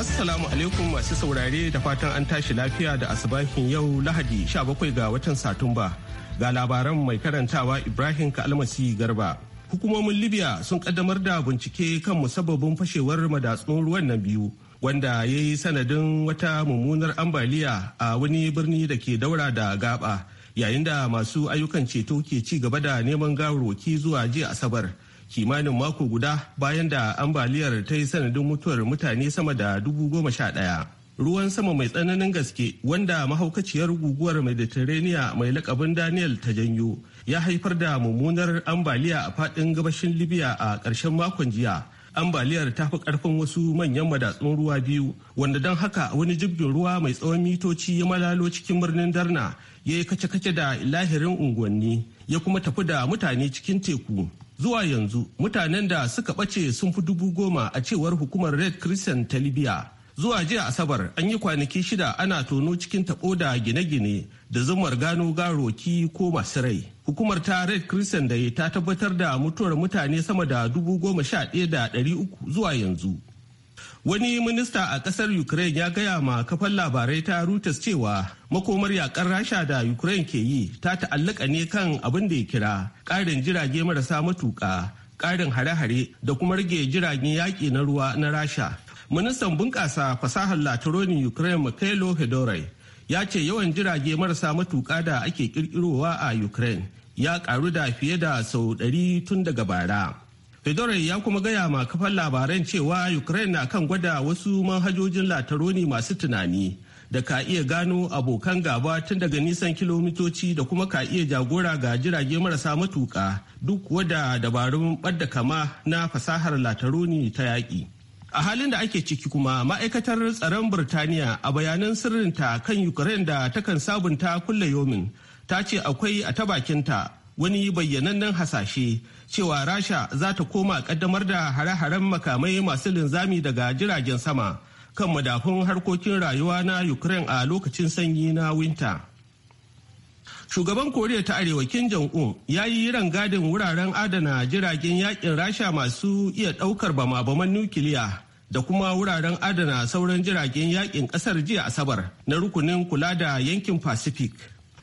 Assalamu alaikum masu saurare da fatan an tashi lafiya da asibahin yau Lahadi 17 ga watan Satumba. Ga labaran mai karantawa Ibrahim Kalmasi Garba. Hukumomin Libya sun kaddamar da bincike kan musabbabin fashewar madatsun ruwan na biyu. wanda ya yi sanadin wata mummunar ambaliya a wani birni da ke daura da gaba yayin da masu ayyukan ceto ke ci gaba da neman gawarwaki zuwa jiya asabar kimanin mako guda bayan da ambaliyar ta yi sanadin mutuwar mutane sama da dubu goma sha ɗaya. Ruwan sama mai tsananin gaske wanda mahaukaciyar guguwar Mediterranean mai lakabin Daniel ta janyo ya haifar da mummunar ambaliya a faɗin gabashin Libya a ƙarshen makon jiya. ambaliyar ta fi karfin wasu manyan madatsun ruwa biyu wanda don haka wani jibgin ruwa mai tsawon mitoci ya malalo cikin birnin darna ya yi kace-kace da lahirin unguwanni ya kuma tafi da mutane cikin teku zuwa yanzu mutanen da suka ɓace sun fi dubu goma a cewar hukumar red christian ta libya zuwa jiya asabar an yi kwanaki shida ana tono cikin taɓo da gine-gine da zumar gano garoki ko masu rai hukumar ta red christian da ta tabbatar da mutuwar mutane sama da dubu goma sha ɗaya da ɗari uku zuwa yanzu Wani minista a ƙasar Ukraine ya gaya ma kafar labarai ta Reuters cewa makomar yakar Rasha da Ukraine ke yi ta ta'allaka ne kan abin da ya kira ƙarin jirage marasa matuƙa, ƙarin hare-hare da kuma rage jiragen yaƙi na ruwa na Rasha. Ministan bunƙasa fasahar Latironin Ukraine Mikhailo Hedore ya ce yawan jirage marasa matuƙa da ake ƙirƙirowa a Ukraine ya ƙaru da fiye da sau ɗari tun daga bara. fedora ya kuma gaya ma kafar labaran cewa Ukraine na kan gwada wasu manhajojin lataroni masu tunani da ka iya gano abokan gaba tun daga nisan kilomitoci da kuma ka iya jagora ga jirage marasa matuka duk wada dabarun ɓadda kama na fasahar lataroni ta yaƙi. a halin da ake ciki kuma ma'aikatar tsaron birtaniya a bayanan sirrinta kan ukraine da takan sabunta kulle yomin ta ce akwai a ta bakinta wani bayyanannen hasashe cewa rasha za ta koma kaddamar da hare-haren makamai masu linzami daga jiragen sama kan madafun harkokin rayuwa na ukraine a lokacin sanyi na winta shugaban koriya ta arewa kim jong-un ya yi rangadin wuraren adana jiragen yakin rasha masu iya daukar bama-baman nukiliya da kuma wuraren adana sauran jiragen yakin kasar jiya asabar na rukunin kula da yankin pacific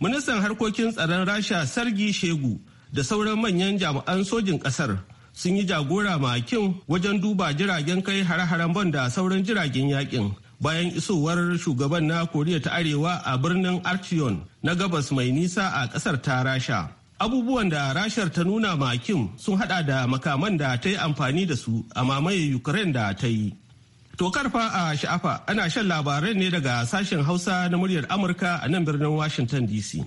ministan harkokin tsaron rasha sargi shegu da sauran manyan jami'an sojin kasar sun yi jagora makin wajen duba jiragen kai hare-haren ban da sauran jiragen yakin bayan isowar shugaban na koriya ta arewa a birnin archeon na gabas mai nisa a kasar ta rasha abubuwan da rashar ta nuna makin sun hada da makaman da ta yi amfani da su a mamaye ukraine da ta yi To karfa a sha'afa ana shan labaran ne daga sashen Hausa na muryar Amurka a nan birnin Washington DC.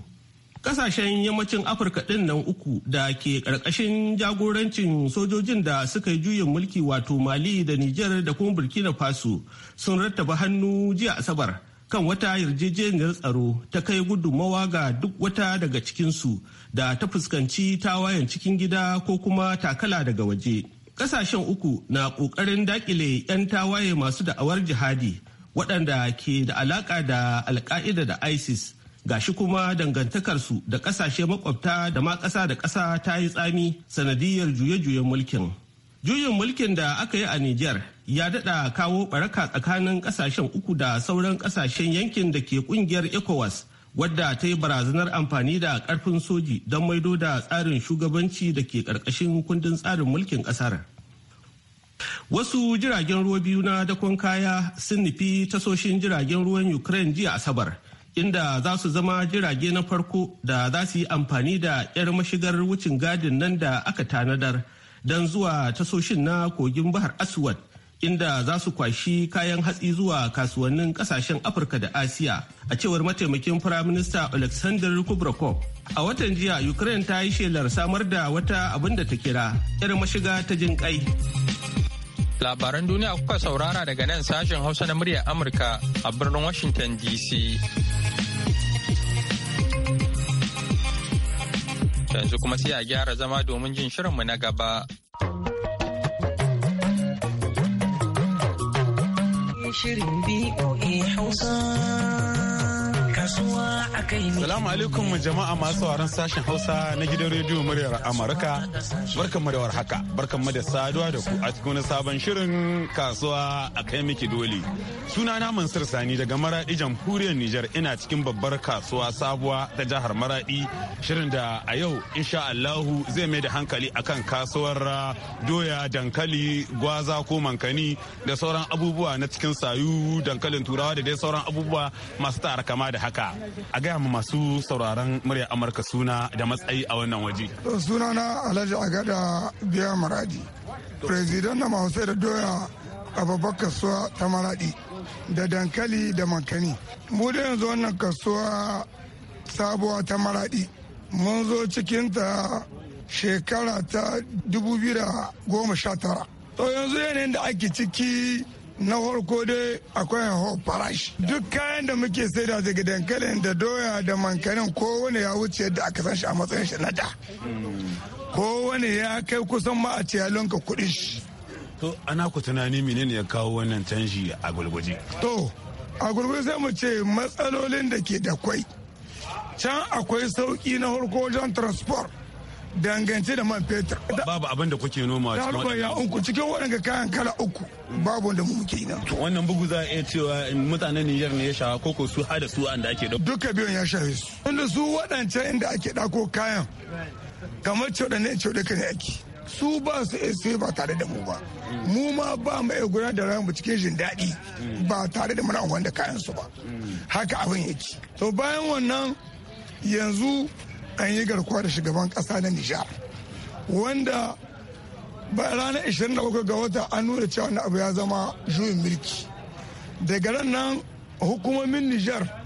Kasashen yammacin Afirka ɗin nan uku da ke ƙarƙashin jagorancin sojojin da suka yi juyin mulki wato Mali da Nijar da kuma Burkina Faso sun rattaba hannu jiya Asabar kan wata yarjejeniyar tsaro ta kai gudummawa ga duk wata daga cikinsu da ta fuskanci tawayen cikin gida ko kuma takala daga waje. Ƙasashen uku na ƙoƙarin dakile 'yan tawaye masu da'awar jihadi waɗanda ke da alaƙa da alka'ida da ISIS gashi kuma dangantakarsu da ƙasashe makwabta da ma ƙasa da ƙasa ta yi tsami sanadiyar juye-juyen mulkin. Juyin mulkin da aka yi a Niger ya daɗa kawo ɓaraka tsakanin ƙasashen uku da sauran ƙasashen yankin da ke ƙungiyar ECOWAS wadda ta yi barazanar amfani da karfin soji don maido da tsarin shugabanci da ke karkashin kundin tsarin mulkin kasar. Wasu jiragen ruwa biyu na dakon kaya sun nufi tasoshin jiragen ruwan Ukraine jiya Asabar, inda za su zama jirage na farko da za su yi amfani da 'yar mashigar wucin gadin nan da aka tanadar don zuwa tasoshin na kogin Bahar Aswad inda za su kwashi kayan hatsi zuwa kasuwannin kasashen afirka da asiya a cewar mataimakin firaminista alexander kubrakov a watan jiya ukraine ta yi shelar samar da wata abin da ta kira irin mashiga ta jin kai labaran duniya kuka saurara daga nan sashen hausa na muryar amurka a birnin washington dc yanzu kuma sai a gyara zama domin jin shirinmu na gaba We shouldn't be all in hoes on. kasuwa a kai Salamu alaikum jama'a masu sauraron sashen Hausa na gidan rediyo muryar Amurka. mu da warhaka, mu da saduwa da ku a cikin sabon shirin kasuwa a kai miki dole. Sunana Mansur Sani daga Maradi jamhuriyar Nijar ina cikin babbar kasuwa sabuwa ta jihar Maradi. Shirin da a yau insha Allahu zai mai da hankali akan kasuwar uh, doya, dankali, gwaza ko mankani da sauran abubuwa na cikin sayu, dankalin turawa da dai sauran abubuwa masu tara kama da haka. Amurka. a gaya ma masu sauraron murya amurka suna da matsayi a wannan waje suna na alhaji agada biya maradi president na mahausai da doya a babbar kasuwa ta maradi da dankali da mankani mu da yanzu wannan kasuwa sabuwa ta maradi mun zo cikinta shekara ta da goma 2019 to yanzu yanayin da ake ciki na farko dai akwai hauhawar farashi duk kayan da muke saida daga dankalin da doya da mankanin kowane ya wuce yadda aka san shi a matsayin shi na da kowane ya kai kusan ma a ciyalonka kuɗi shi to ana ku tunani menene ya kawo wannan canji a gulguje to a gulguje sai mu ce matsalolin da ke da kwai can akwai sauki na farko wajen transport dangance da man fetur. Babu abin da kuke noma cikin wannan. ya unku cikin waɗanda kayan kala uku babu wanda mu muke ina. Wannan bugu za a iya cewa mutanen Niger ne ya shawa koko su hada su an da ake ɗauka. Duka biyun ya shafe su. Inda su wadancan inda ake ko kayan kamar cewa ne cewa da ne ake. su ba su ese ba tare da mu ba mu ma ba mu iya gudanar da rayuwar cikin jin daɗi ba tare da muna wanda kayan su ba haka abin yake to bayan wannan yanzu an yi garkuwa da shugaban kasa na nijar wanda ranar 27 ga wata an nuna cewa wani abu ya zama juyin mulki daga ran nan hukumomin nijar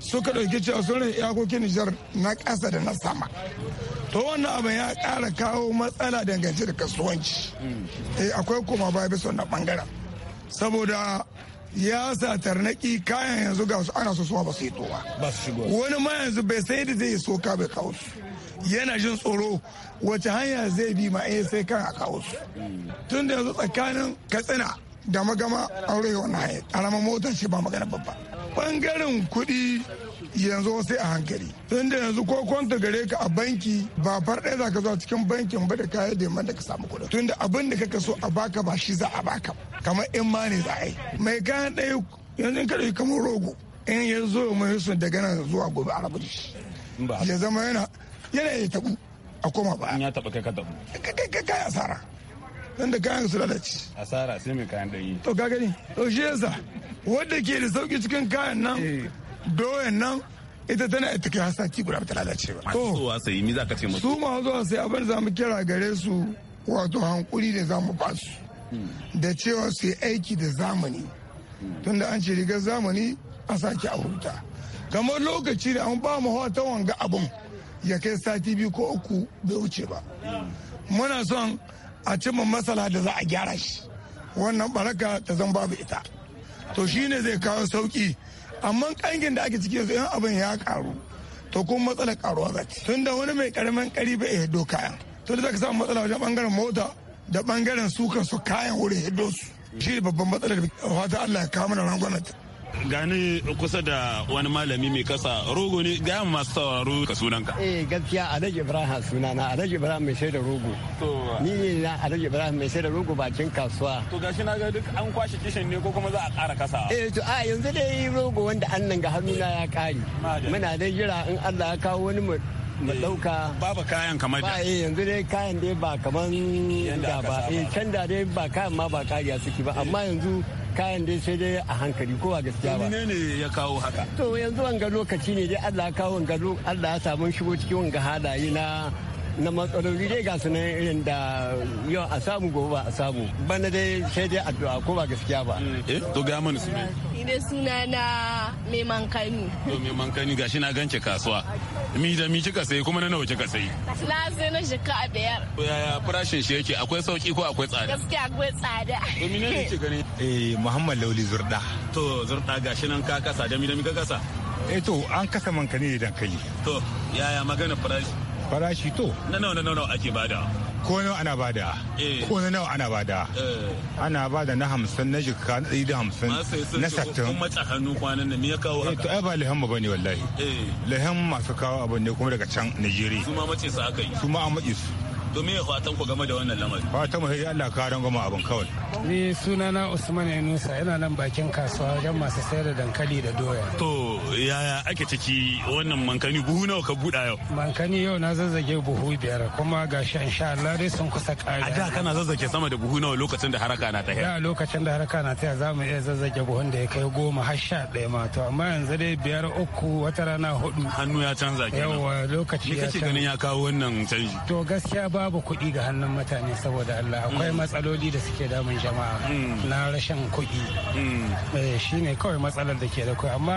suka ɗauki cewa sun iyakokin nijar na ƙasa da na sama to wannan abin ya ƙara kawo matsala dangance da kasuwanci eh, akwai koma bai bisa wannan bangaren saboda ya sa tarnaki kayan yanzu ga su ana sosuwa ba su yi towa wani ma yanzu bai sai da zai soka bai kawo su yana jin tsoro wace hanya zai bi ma ya eh sai kan a kawo su tun da yanzu tsakanin katsina da magama aure wannan hanyar ƙaramar motar shi ba magana babba bangaren kuɗi yanzu sai a hankali tunda yanzu ko kwanta gare ka a banki ba far ɗaya zaka zuwa cikin bankin ba da kayan da yamma da ka samu kuɗin tunda abin da ka so a baka ba shi za a baka kamar in ma ne za a yi mai kayan ɗaya yanzu ka kamar rogo in ya zo mai sun daga nan zuwa gobe a rabu ya zama yana yana ya tabu a koma ba ya taɓa kai ka tabu kai kai asara dan da kayan su lalace asara sai mai kayan ɗaya to ka gani to shi yasa wanda ke da sauki cikin kayan nan eh. doyen nan ita tana ita kai hasaki guda ta lalace ba. Masu zuwa sai mi za ka ce musu? Su ma zuwa sai abin za mu kira gare su wato hankuri da za mu ba su. Hmm. Da cewa su yi aiki da zamani. Hmm. Tunda an ce rigar zamani a sake a huta. Kamar lokaci da an ba mu ta wanga abun ya kai sati biyu ko uku bai wuce ba. Hmm. Muna son a cimma masala da za a gyara shi. Wannan baraka ta zan babu ita. To shine zai kawo sauki. amma kangin da ake ciki yanzu in abin ya karu to kuma matsalar karuwa za ta tunda wani mai karamin kari bai hiddo kayan to da zaka samu matsala wajen bangaren mota da bangaren su kayan wurin hiddo su shi babban matsalar wata Allah ya kawo mana rangwana gani kusa da wani malami mai kasa rogo ne ga masu sauraro ka sunanka eh gaskiya alhaji ibrahim sunana alhaji ibrahim mai sai da rogo ni ne na alhaji ibrahim mai sai da rogo bakin kasuwa to gashi na ga duk an kwashe kishin ne ko kuma za a ƙara kasa eh to a yanzu dai rogo wanda annan ga hannuna ya kare muna dai jira in Allah ya kawo wani mu eh, ɗauka. Babu kayan kamar da. Eh yanzu dai kayan dai ba kamar da ba. Eh can dai ba kayan ma ba kariya suke ba eh. amma yanzu kayan dai sai dai a hankali ko a gaskiya ba ne ne ya kawo haka to yanzu wanga lokaci ne dai Allah ya kawo wanga Allah ya samu shigo cikin wanga halaye na na matsaloli dai ga su nan irin da yau a samu gobe ba a samu bana dai sai dai addu'a ko ba gaskiya ba eh to ga mana su ne da suna na mai mankani. To mai mankani gashi na ganci kasuwa. Mi da mi kika sayi kuma na nawa kika sayi? Na sai na shika a biyar. Yaya farashin shi yake akwai sauki ko akwai tsada? Gaskiya akwai tsada. To mi ne ce gani? Eh Muhammad Lauli Zurda. To Zurda gashi nan ka kasa da mi da mi ka kasa? Eh to an kasa mankani da dankali. To yaya magana farashi? Farashi to? Na nawa na nawa ake bada. ko nawa ana bada eh. ko nawa ana bada eh. ana bada na hamsin na jika na ɗari da hamsin na sattin kuma matsa hannu kwanan nan me kawo eh, haka to ai ba lahamma ba ne wallahi lahamma masu kawo abu ne kuma daga can Najeriya su ma mace su aka yi su ma an su to me fatan ku game da wannan lamari fatan mu sai Allah ka ran goma abin kawai ni sunana Usman Yunusa yana nan bakin kasuwa wajen masu sayar da dankali da doya to yaya ake ciki wannan mankani buhu nawa ka buɗa yau mankani yau na zazzage buhu biyar kuma gashi insha Allah dai sun kusa kare a da kana zazzage sama da buhu nawa lokacin da haraka na ta da lokacin da haraka na ta za mu iya zazzage buhun da ya kai goma har sha ɗaya ma to amma yanzu dai biyar uku wata rana hudu hannu ya canza kenan yawa lokaci ya canza ganin ya kawo wannan canji to gaskiya babu kuɗi ga hannun mutane saboda Allah akwai mm. matsaloli da suke damun jama'a mm. na rashin kuɗi mm. eh, shi ne kawai matsalar da ke da kuwa amma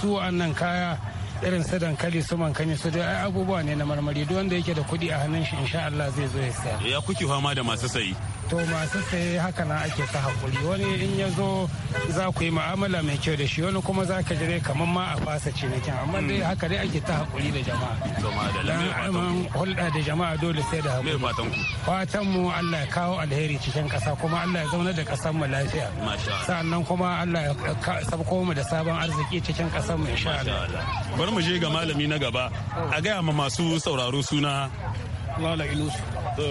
su annan kaya irin su dankali su mankani su dai abubuwa ne na marmari duk wanda yake da kuɗi a hannun shi insha Allah zai zo ya saya ya kuke fama da masu sayi to masu saye haka na ake ta hakuri wani in ya zo za ku yi mu'amala mai kyau da shi wani kuma za ka jire kamar ma a fasa cinikin amma dai hmm. haka dai ake ta hakuri da jama'a dan hulɗa da jama'a dole sai da hakuri fatan mu Allah ya kawo alheri cikin ƙasa kuma Allah ya zauna da ƙasar mu lafiya Sannan kuma Allah ya sabko mu da sabon arziki cikin ƙasar mu insha Allah bari mu je ga malami na gaba a gaya ma masu sauraro suna lalai lusu to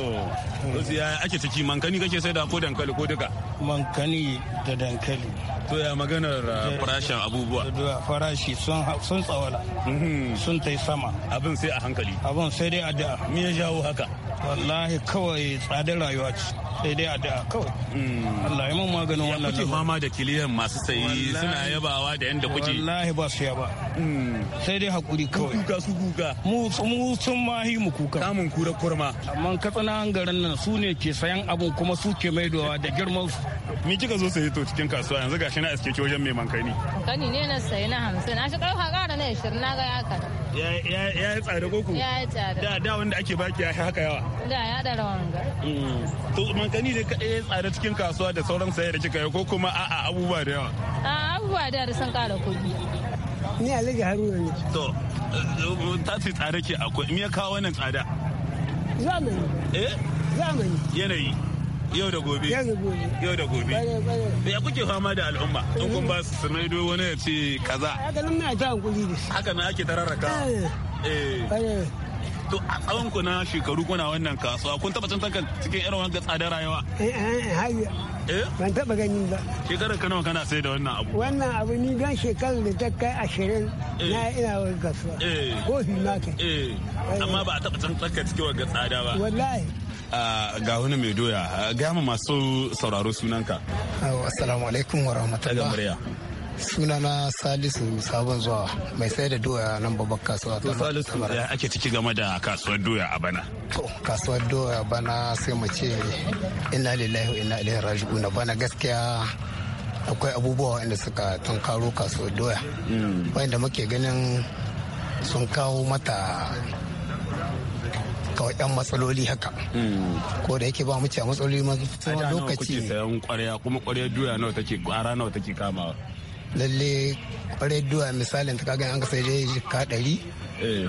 ya ake ciki mankani kake sai da ko dankali ko duka mankani da dankali to ya maganar uh, farashin abubuwa farashi sun tsawala mm-hmm. sun tai sama abin sai a hankali abin sai dai a da me ya jawo haka wallahi kawai tsadar rayuwa ce sai dai da kawai Allah ya mun maganin wannan kuke fama da kiliyan masu sayi suna yabawa da yanda kuke wallahi ba su yaba sai dai hakuri kawai kuka su kuka mu mu sun mahi mu kuka kamun kura kurma amma katsina garin nan su ne ke sayan abu kuma su ke maidowa da girman su ni kika zo sayi to cikin kasuwa yanzu gashi na aske ki wajen mai mankani kani ne na sayi na 50 na shi karfa kara na 20 na ga ya kada ya ya tsada koko ya tsare da da wanda ake baki ya haka yawa da ya da rawan ga dankani ne kaɗai ya tsada cikin kasuwa da sauran saye da kika yi ko kuma a'a abubuwa da yawa? A'a abubuwa da yawa sun ƙara kuɗi. Ni Alhaji Haruna ne. To, ta ce tsada ke akwai, me ya kawo wannan tsada? Zamani. Eh? Zamani. Yanayi. Yau da gobe. Yau da gobe. Yau da gobe. Ya kuke fama da al'umma in kun eh. ba su sanaido wani ya ce kaza. Haka nan na ta hankuli da shi. Haka na ake tararraka. Eh. eh. to a tsawon ku na shekaru kuna wannan kasuwa kun taba tsantar cikin irin wannan tsadar rayuwa eh, eh, eh, eh? ban taba gani ba shekarar ka nawa kana sai da wannan abu wannan abu ni don shekarar da ta kai ashirin na ina wani kasuwa ko na kai amma ba a taba tsantar cikin wannan tsada ba wallahi ah, ga wani mai doya ah, ga mu masu sauraro sunanka assalamu alaikum wa rahmatullahi sunana salisu sabon zuwa mai sai da doya nan babban kasuwa to salisu ya ake ciki game da kasuwar doya a bana to kasuwar doya bana sai mu ce inna lillahi wa inna ilaihi raji'un bana gaskiya akwai abubuwa wanda suka tunkaro kasuwar doya hmm. wanda muke ganin sun kawo mata kawai yan matsaloli haka hmm. ko da yake ba mu ce matsaloli ma lokaci sayan kwarya kuma kwarya doya nawa take kwara nawa take kamawa lalle kwarai duwa misalin ta kagan an ka sai dai jikka ɗari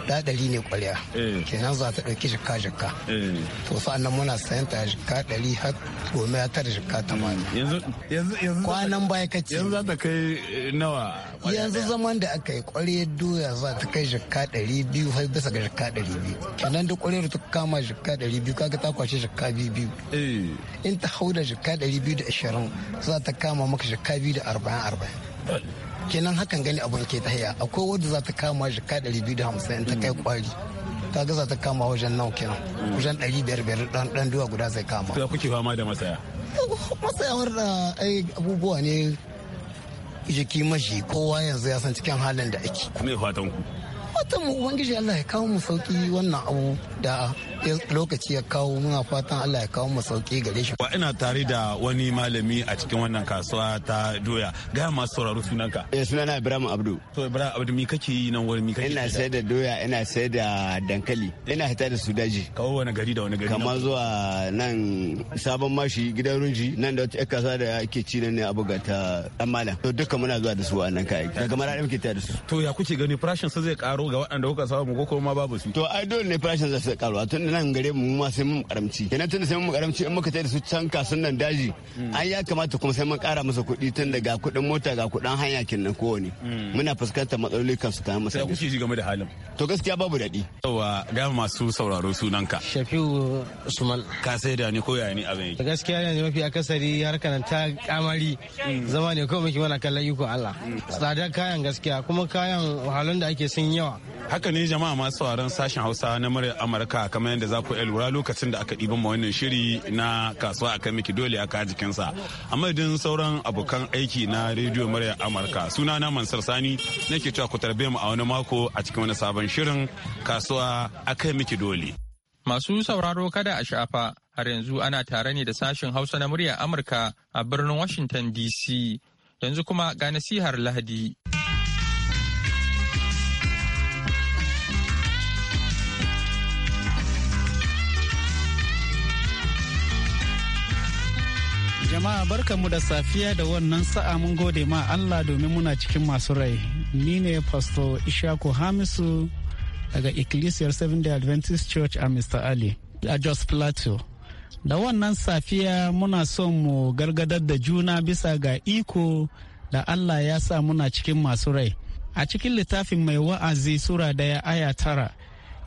da eh. ɗari ne kwarya eh. kenan za ta ɗauki jikka jikka eh. to sa'an nan muna sayan ta jikka ɗari har gome ya tara jikka tamanin mm. kwanan baya kace yanzu za ta kai nawa yanzu zaman da aka yi kwarai duwa za ta kai jikka ɗari biyu har bisa ga jikka ɗari biyu kenan duk da ta kama jikka ɗari biyu kaga ta kwashe jikka biyu biyu in ta hau da jikka ɗari biyu da ashirin za ta kama maka jikka biyu da arba'in arba'in kenan hakan gani abun ke ta haya akwai wadda za ta kama ka 250 ta kai kwari ta gaza ta kama wajen nau kenan wajen 500 dan duwa guda zai kama ta kuke fama da masaya masaya wanda ah, ai abubuwa ne jiki mashi kowa yanzu ya san cikin halin da ake ya fatan ku fatan mu ubangiji Allah ya kawo mu sauki wannan abu da lokaci ya kawo muna fatan Allah ya kawo mu sauki gare shi. Wa ina tare da wani malami a cikin wannan kasuwa ta doya. Ga masu sauraro sunanka. Eh sunana Ibrahim Abdu. To Ibrahim Abdu me kake yi nan wani me kake? Ina sayar da doya, ina sayar da dankali, ina hita da su daji. Kawo wani gari da wani gari. Kamar zuwa nan sabon mashi gidan runji nan da wata kasuwa da ake ci nan ne a buga ta dan malam. To duka muna zuwa da su a nan Daga mara muke ta da su. To ya kuke gani farashin sai zai karo ga waɗanda kuka samu ko kuma babu su. To ai dole ne farashin zai karo tun da nan gare mu ma sai mun karamci kenan tun sai mun karamci in muka da su can kasun nan daji hmm. ai ya kamata kuma sai mun kara masa kuɗi tun daga kuɗin mota ga kuɗin hanya kinnan kowane hmm. muna fuskantar matsaloli su ta masa sai kuke ji game da halin to gaskiya babu daɗi yawa ga masu sauraro sunanka shafiu usman ka sai da ni ko yaya ni abin gaskiya yanzu mafi akasari harkar ta kamari hmm. zama ne kawai muke mana kallon iko Allah tsadar kayan gaskiya kuma kayan wahalun da ake sun yawa haka ne jama'a masu sauraron sashen Hausa na murya Amurka kamar kamar yadda za ku lura lokacin da aka ɗiban ma wannan shiri na kasuwa a kan miki dole aka jikinsa a madadin sauran abokan aiki na rediyo murya amurka suna na mansar sani ke cewa ku tarbe mu a wani mako a cikin wani sabon shirin kasuwa a kan miki dole. masu sauraro kada a shafa har yanzu ana tare ne da sashen hausa na murya amurka a birnin washington dc yanzu kuma ga nasihar lahadi. Jama'a mu da safiya da wannan sa'a mun gode ma Allah domin muna cikin masu rai. Ni ne Pastor Ishaku Hamisu daga Ecclesiar seven Day Adventist Church a Mr. Ali a Jos Plateau. Da wannan safiya muna son mu gargadar da juna bisa ga iko da Allah ya sa muna cikin masu rai. A cikin littafin mai wa'azi Sura daya aya tara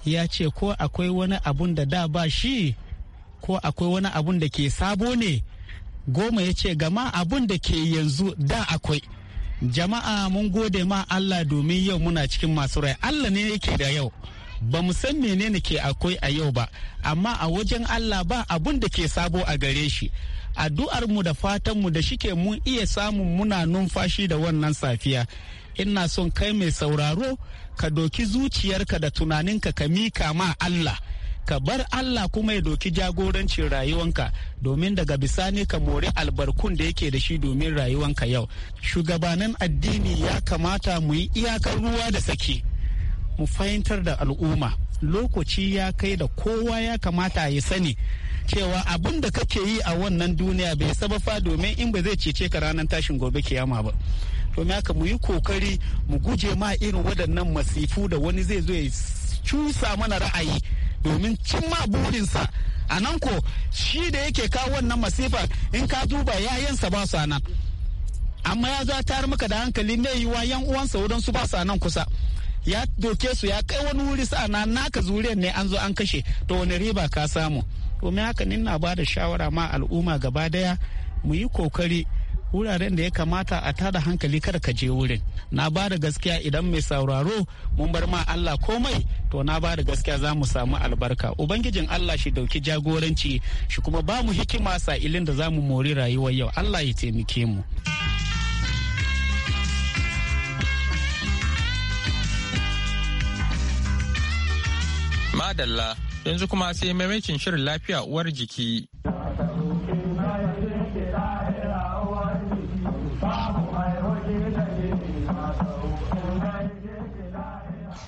ya ce ko akwai wani abun da da ba shi ko akwai wani abun da ke sabo ne. goma ya ce gama abun da ke yanzu da akwai jama'a mun gode ma allah domin yau muna cikin masu rai allah ne yake da yau ba mu san menene ke akwai a yau ba amma a wajen allah ba abun da ke sabo a gare shi addu'ar mu da fatan mu da shike mun iya samun muna numfashi da wannan safiya ina son kai mai sauraro ka doki zuciyarka da tunaninka ka mika ma allah ka bar Allah kuma ya doki jagorancin rayuwanka domin daga bisani ka more albarkun da yake da shi domin rayuwanka yau shugabanin addini ya kamata mu yi iyakar ruwa da saki mu fahimtar da al'umma lokaci ya kai da kowa ya kamata ya sani cewa abin da kake yi a wannan duniya bai saba fa domin in ba zai cece ka ranar tashin gobe kiyama ba domin haka mu yi kokari mu guje ma irin waɗannan masifu da wani zai zo ya cusa mana ra'ayi domin cimma burinsa a nan ko shi da yake kawo wannan masifa in ka duba yayansa ba su nan amma ya zo tayar maka da hankali ne yiwa yan uwansa wurin su ba su nan kusa ya doke su ya kai wani wuri na naka zuriyar ne an zo an kashe to wani riba ka samu domin haka ni na ba da shawara ma al'umma gaba daya mu yi kokari wuraren da ya kamata a tada hankali kada ka je wurin na ba da gaskiya idan mai sauraro mun bar ma Allah komai to na ba da gaskiya za mu samu albarka ubangijin Allah shi dauki jagoranci shi kuma ba mu hikima sa ilin da za mu mori rayuwar yau Allah ya taimake mu. Madalla yanzu kuma sai maimakin shirin lafiya uwar jiki.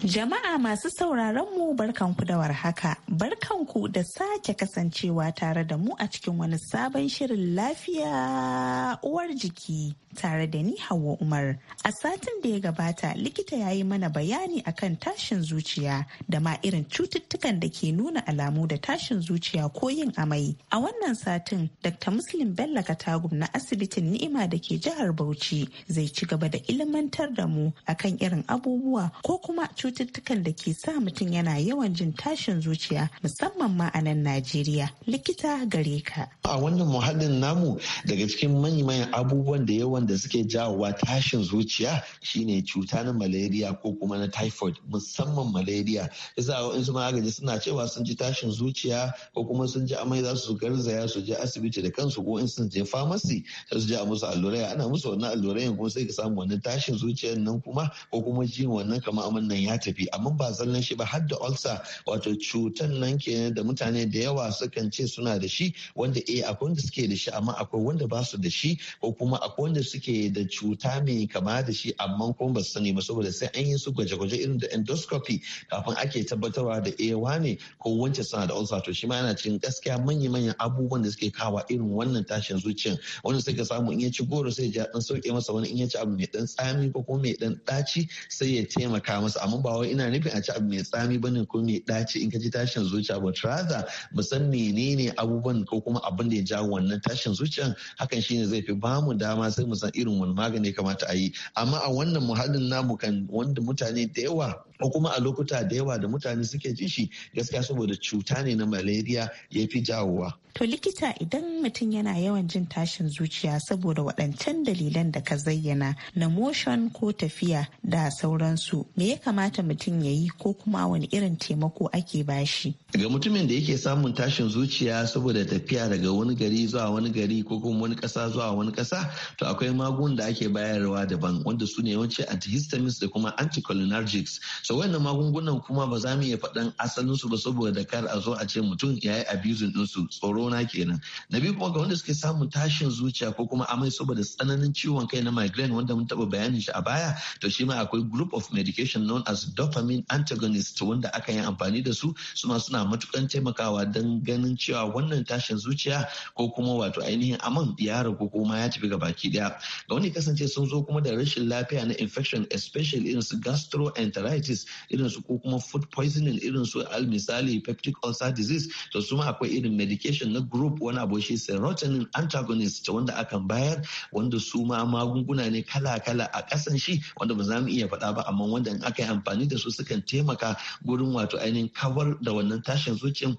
Jama'a masu sauraron mu barkan barkanku da warhaka, ku da sake kasancewa tare da mu a cikin wani sabon shirin lafiya uwar jiki tare da ni Hauwa Umar. A satin da ya gabata likita ya yi mana bayani akan tashin zuciya da ma irin cututtukan da ke nuna alamu da tashin zuciya ko yin amai. A wannan satin, Dr. Muslim Bello Katagum na asibitin Ni'ima da ke jihar Bauchi zai ci gaba da ilmantar da mu akan irin abubuwa ko kuma cututtukan da ke sa mutum yana yawan jin tashin zuciya musamman ma a nan Najeriya. Likita gare ka. A wannan muhallin namu daga cikin manyan abubuwan da yawan da suke jawowa tashin zuciya shine cuta na malaria ko kuma na typhoid musamman malaria. Yasa ma agaji suna cewa sun ji tashin zuciya ko kuma sun ji amai za su garzaya su je asibiti da kansu ko in sun je famasi sai su je a musu allurai ana musu wannan allurai kuma sai ka samu wannan tashin zuciyar nan kuma ko kuma jin wannan kamar aman nan ya tafi amma ba zallan shi ba har da ulcer wato cutan nan ke da mutane da yawa sukan ce suna da shi wanda eh akwai wanda suke da shi amma akwai wanda ba su da shi ko kuma akwai wanda suke da cuta mai kama da shi amma ko ba su sani ba saboda sai an yi su gwaje-gwaje irin da endoscopy kafin ake tabbatarwa da eh ne ko wancan suna da ulcer to shi ma yana cikin gaskiya manya-manyan abubuwan da suke kawa irin wannan tashin zuciyan wanda sai ka samu in ya ci goro sai ya dan sauke masa wani in ya ci abu mai dan tsami ko kuma mai dan daci sai ya taimaka masa amma ba bawa ina nufin a ci abu mai tsami bane ko mai ɗaci in ka ji tashin zuciya but rather mu san menene abubuwan ko kuma abin da ya jawo wannan tashin zuciyan hakan shine zai fi bamu dama sai mu san irin wani magani kamata a yi amma a wannan muhallin namu kan wanda mutane da yawa ko kuma a lokuta da yawa da mutane suke ji shi gaskiya saboda cuta ne na malaria ya fi jawowa. To likita idan mutum yana yawan jin tashin zuciya saboda waɗancan dalilan da ka zayyana na motion ko tafiya da sauransu me ya kamata mutum ya yi ko kuma wani irin taimako ake bashi. Ga mutumin da yake samun tashin zuciya saboda tafiya daga wani gari zuwa wani gari ko kuma wani ƙasa zuwa wani ƙasa to akwai magun da ake bayarwa daban wanda su ne yawanci antihistamines da kuma anticholinergics so wayannan magungunan kuma ba za mu iya faɗan asalin su ba saboda kar a zo a ce mutum ya yi abusing din su tsoro na kenan na biyu kuma ga wanda suke samun tashin zuciya ko kuma amai saboda tsananin ciwon kai na migraine wanda mun taɓa bayanin shi a baya to shi ma akwai group of medication known as dopamine antagonist wanda aka yi amfani da su suma suna matukan taimakawa don ganin cewa wannan tashin zuciya ko kuma wato ainihin aman ya ragu ko kuma ya tafi ga baki daya ga wani kasance sun zo kuma da rashin lafiya na infection especially in su gastroenteritis disease irin su ko kuma food poisoning irin su al misali peptic ulcer disease to su ma akwai irin medication na group wani abu shi serotonin antagonist wanda akan bayar wanda su ma magunguna ne kala-kala a kasan shi wanda ba za mu iya faɗa ba amma wanda in aka yi amfani da su sukan taimaka gurin wato ainihin kawar da wannan tashin zuciyan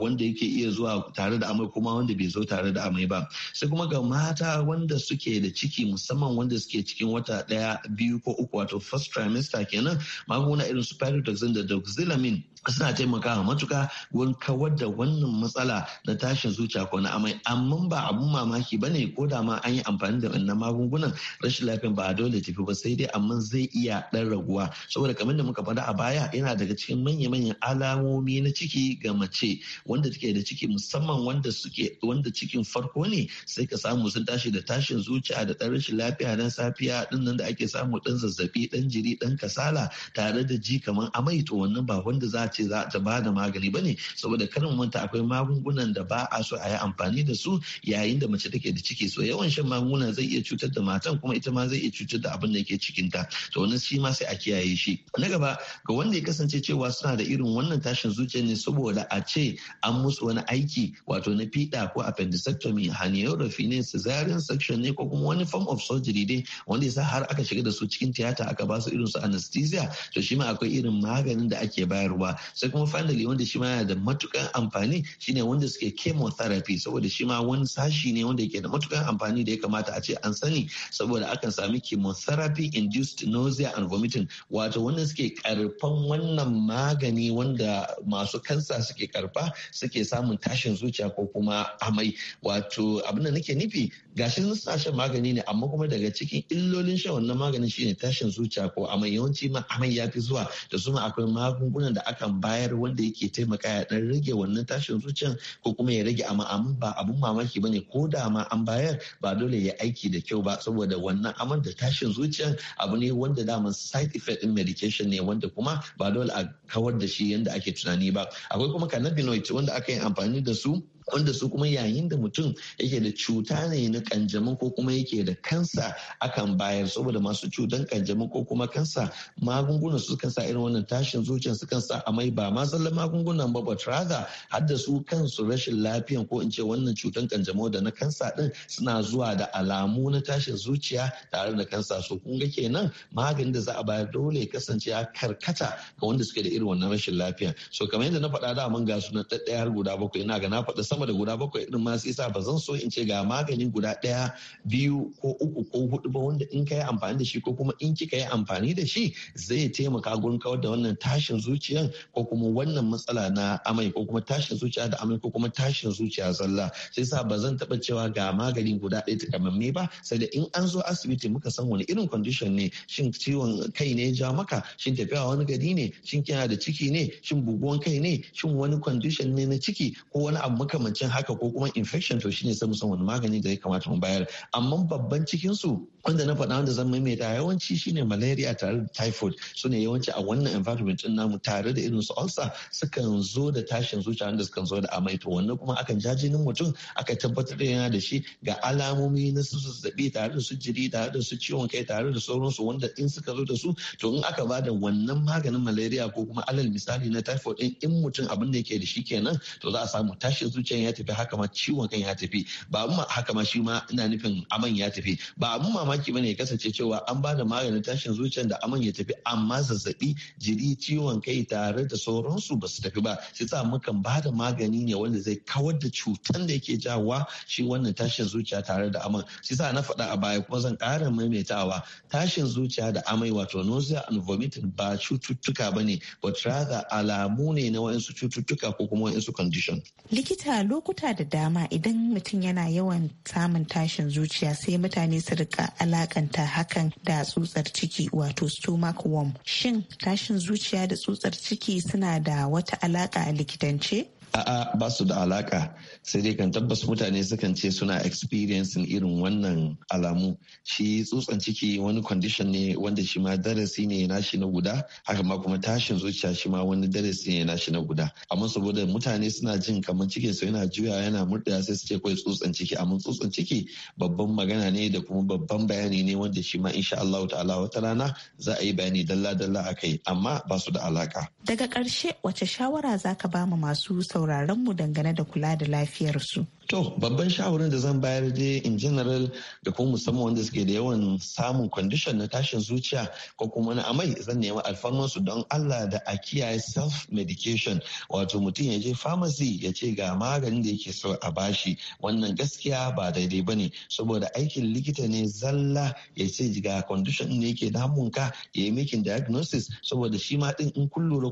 wanda yake iya zuwa tare da amai kuma wanda bai zo tare da amai ba sai kuma ga mata wanda suke da ciki musamman wanda suke cikin wata ɗaya biyu ko uku wato first trimester kenan magunguna irin su pyridoxine da doxylamine suna taimakawa matuka wurin kawar da wannan matsala na tashin zuciya ko na amai amma ba abun mamaki ba ne ko da ma an yi amfani da wannan magungunan rashin lafiyan ba dole tafi ba sai dai amma zai iya dan raguwa saboda kamar da muka faɗa a baya yana daga cikin manya-manyan alamomi na ciki ga mace wanda take da ciki musamman wanda suke wanda cikin farko ne sai ka samu sun tashi da tashin zuciya da dan rashin lafiya dan safiya din nan da ake samu dan zazzabi dan jiri dan kasala tare da ji kamar amai to wannan ba wanda za ce za ta ba da magani ba ne saboda karin manta akwai magungunan da ba a so a yi amfani da su yayin da mace take da ciki so yawan shan magunguna zai iya cutar da matan kuma ita ma zai iya cutar da abin da yake cikinta to wannan shi ma sai a kiyaye shi na gaba ga wanda ya kasance cewa suna da irin wannan tashin zuciya ne saboda a ce an musu wani aiki wato na fiɗa ko appendectomy haniography ne cesarean section ne ko kuma wani form of surgery dai wanda ya sa har aka shiga da su cikin tiyata aka ba su irin su anesthesia to shi ma akwai irin maganin da ake bayarwa sai kuma finally wanda shi ma yana da matukan amfani shine wanda suke chemotherapy saboda shi ma wani sashi ne wanda yake da matukan amfani da ya kamata a ce an sani saboda akan sami chemotherapy induced nausea and vomiting wato wanda suke karfan wannan magani wanda masu kansa suke karfa suke samun tashin zuciya ko kuma amai wato abin da nake nufi gashi suna shan magani ne amma kuma daga cikin illolin shan wannan maganin shine tashin zuciya ko amai yawanci ma amai ya fi zuwa da suma akwai magungunan da aka akan bayar wanda yake taimaka ya dan rage wannan tashin zuciyan ko kuma ya rage amma ba abun mamaki bane ko da ma an bayar ba dole ya aiki da kyau ba saboda wannan aman da tashin zuciyan abu ne wanda daman side effect din medication ne wanda kuma ba dole a kawar da shi yanda ake tunani ba akwai kuma cannabinoid wanda aka yi amfani da su wanda su kuma yayin da mutum yake da cuta ne na kanjamin ko kuma yake da kansa akan bayar saboda masu cutan kanjamin ko kuma kansa magunguna su kan sa irin wannan tashin zuciya su kan sa amai ba ma sallan magungunan ba but rather har da su kansu rashin lafiyan ko in ce wannan cutan kanjamau da na kansa din suna zuwa da alamu na tashin zuciya tare da kansa su kun ga kenan maganin da za a bayar dole kasance ya karkata ga wanda suke da irin wannan rashin lafiya so kamar yadda na faɗa da mun ga sunan ɗaɗɗaya har guda bakwai ina ga na faɗa sama sama da guda bakwai irin ma sai ba zan so in ce ga magani guda ɗaya biyu ko uku ko hudu ba wanda in ka yi amfani da shi ko kuma in kika yi amfani da shi zai taimaka gurin kawar da wannan tashin zuciyan ko kuma wannan matsala na amai ko kuma tashin zuciya da amai ko kuma tashin zuciya zalla sai sa ba zan taɓa cewa ga magani guda ɗaya takamamme ba sai da in an zo asibiti muka san wani irin condition ne shin ciwon kai ne ja maka shin tafiya wani gari ne shin kina da ciki ne shin buguwan kai ne shin wani condition ne na ciki ko wani abu makamancin haka ko kuma infection to shine sai mu san wani magani da ya kamata mu bayar amma babban cikin su wanda na faɗa wanda zan maimaita yawanci shine malaria tare da typhoid su ne yawanci a wannan environment din namu tare da irin su ulcer sukan zo da tashin zuciya wanda sukan zo da amai to wannan kuma akan ja jinin mutum aka tabbatar da yana da shi ga alamomi na su zazzabi tare da su jiri tare da su ciwon kai tare da sauransu wanda in suka zo da su to in aka ba da wannan maganin malaria ko kuma alal misali na typhoid din in mutum abin da yake da shi kenan to za a samu tashin zuciya can ya tafi haka ma ciwon kan ya tafi ba mu haka ma shi ma ina nufin aman ya tafi ba mu mamaki bane ya kasance cewa an ba da maganin tashin zuciyar da aman ya tafi amma zazzabi jiri ciwon kai tare da sauransu ba su tafi ba sai sa mukan ba da magani ne wanda zai kawar da cutan da yake jawa shi wannan tashin zuciya tare da aman sai sa na faɗa a baya kuma zan ƙara maimaitawa tashin zuciya da amai wato nausea and vomiting ba cututtuka bane but rather alamu ne na wa'insu cututtuka ko kuma wa'insu condition likita a lokuta da dama idan mutum yana yawan samun tashin zuciya sai mutane su rika alakanta hakan da tsutsar ciki wato stomach worm. Shin tashin zuciya da tsutsar ciki suna da wata alaka a likitance? a'a ba su da alaka sai dai kan tabbas mutane sukan ce suna experiencing irin wannan alamu shi tsutsan ciki wani condition ne wanda shi ma darasi ne nashi na guda haka ma kuma tashin zuciya shi ma wani darasi ne nashi na guda amma saboda mutane suna jin kamar cikin su yana juya yana murda sai su ce kawai tsutsan ciki amma tsutsan ciki babban magana ne da kuma babban bayani ne wanda shi ma insha Allah ta'ala wata rana za a yi bayani dalla dalla akai amma ba su da alaka daga karshe wace shawara zaka ba mu masu sauraronmu dangane da kula da lafiyarsu. To babban shawarar da zan bayar dai in general da kuma musamman wanda suke da yawan samun kwandishan na tashin zuciya ko kuma na amai zan nemi alfarman don Allah da a kiyaye self medication wato mutum ya je pharmacy ya ce ga maganin da yake so a bashi wannan gaskiya ba daidai bane saboda aikin likita ne zalla ya ce ga condition ne yake damun ka ya yi making diagnosis saboda shi ma din in kun lura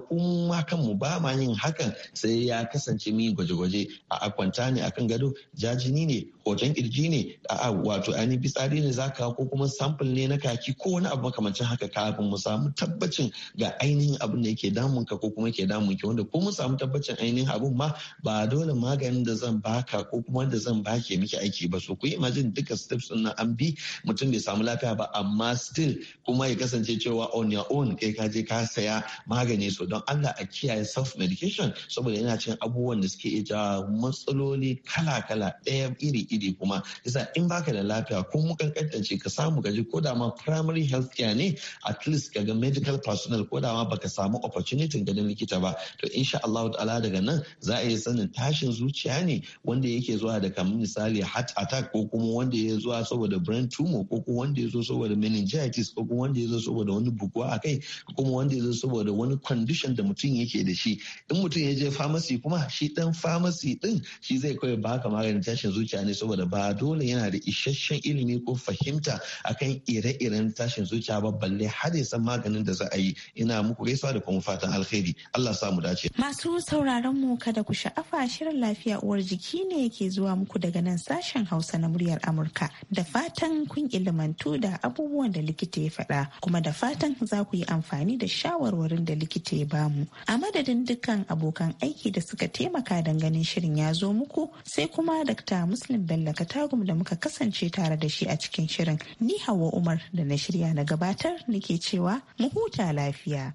kanmu ba ma yin hakan sai ya kasance mi gwaje-gwaje a kwanta ne akan gado jajini ne wajen kirji ne a wato ainihin fitsari ne za zaka ko kuma sample ne na kaki ko wani abu makamancin haka kafin mu samu tabbacin ga ainihin abin da yake damun ka ko kuma yake damun ki wanda ko mun samu tabbacin ainihin abin ma ba dole maganin da zan baka ko kuma wanda zan baki miki aiki ba so ku yi imagine duka steps din nan an bi mutum bai samu lafiya ba amma still kuma ya kasance cewa on your own kai ka je ka saya magani so don Allah a kiyaye self medication saboda yana cikin abubuwan da suke iya matsaloli kala-kala ɗaya iri tasiri kuma yasa in baka da lafiya ko mu kankantance ka samu gaji ko da ma primary health care ne at least kaga medical personnel ko da ma baka samu opportunity ganin likita ba to insha Allah ta'ala daga nan za a yi sanin tashin zuciya ne wanda yake zuwa da kamar misali heart attack ko kuma wanda ya zuwa saboda brain tumor ko kuma wanda ya zo saboda meningitis ko kuma wanda ya zo saboda wani buguwa a kai ko kuma wanda ya zo saboda wani condition da mutum yake da shi in mutum ya je pharmacy kuma shi dan pharmacy din shi zai kawai baka maganin tashin zuciya ne saboda ba dole yana da isasshen ilimi ko fahimta akan ire-iren tashin zuciya ba balle har ya san maganin da za a yi ina muku gaisuwa da kuma fatan alheri Allah sa mu dace masu sauraron mu kada ku sha'afa shirin lafiya uwar jiki ne yake zuwa muku daga nan sashen Hausa na muryar Amurka da fatan kun ilimantu da abubuwan da likita ya faɗa kuma da fatan za ku yi amfani da shawarwarin da likita ya bamu a madadin dukkan abokan aiki da suka taimaka don ganin shirin ya zo muku sai kuma Dr. Muslim Bello Katagum da muka kasance tare da shi a cikin shirin. Ni Hawa Umar da na shirya na gabatar nake cewa mu huta lafiya.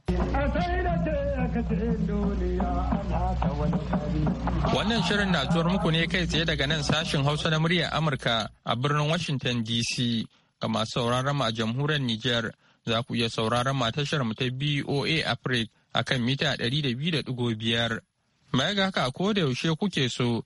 Wannan shirin na zuwar muku ne kai tsaye daga nan sashin Hausa na muryar Amurka a birnin Washington DC ga masu sauraron mu a jamhuriyar Nijar. Za ku iya sauraron mu tashar mu ta BOA Africa a kan mita 200.5. mai ga haka ko da yaushe kuke so